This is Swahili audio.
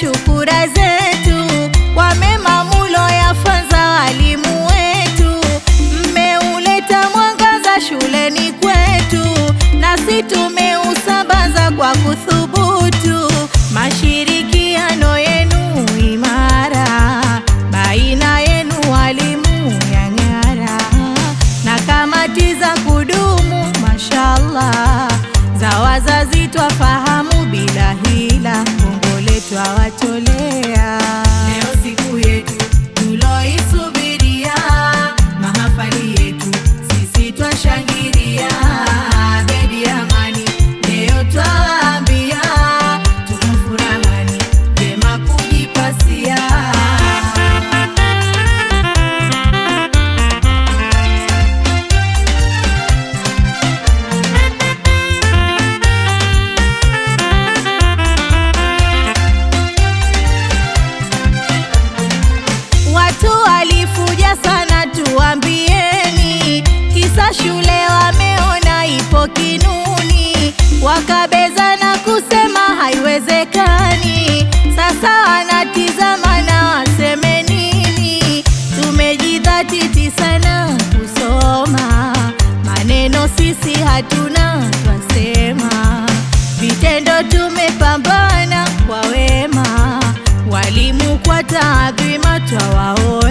shukura zetu, kwa mema mulo fanza walimu wetu, mmeuleta mwangaza shuleni kwetu, nasi tumeusambaza kwa kuthubutu. Mashirikiano yenu imara, baina yenu walimu yang'ara, na kamati za kudumu, mashallah. shule wameona ipo kinuni, wakabeza na kusema haiwezekani. Sasa wanatizama na waseme nini? Tumejidhatiti sana kusoma, maneno sisi hatuna, twasema vitendo. Tumepambana kwa wema, walimu kwa taadhima twawaona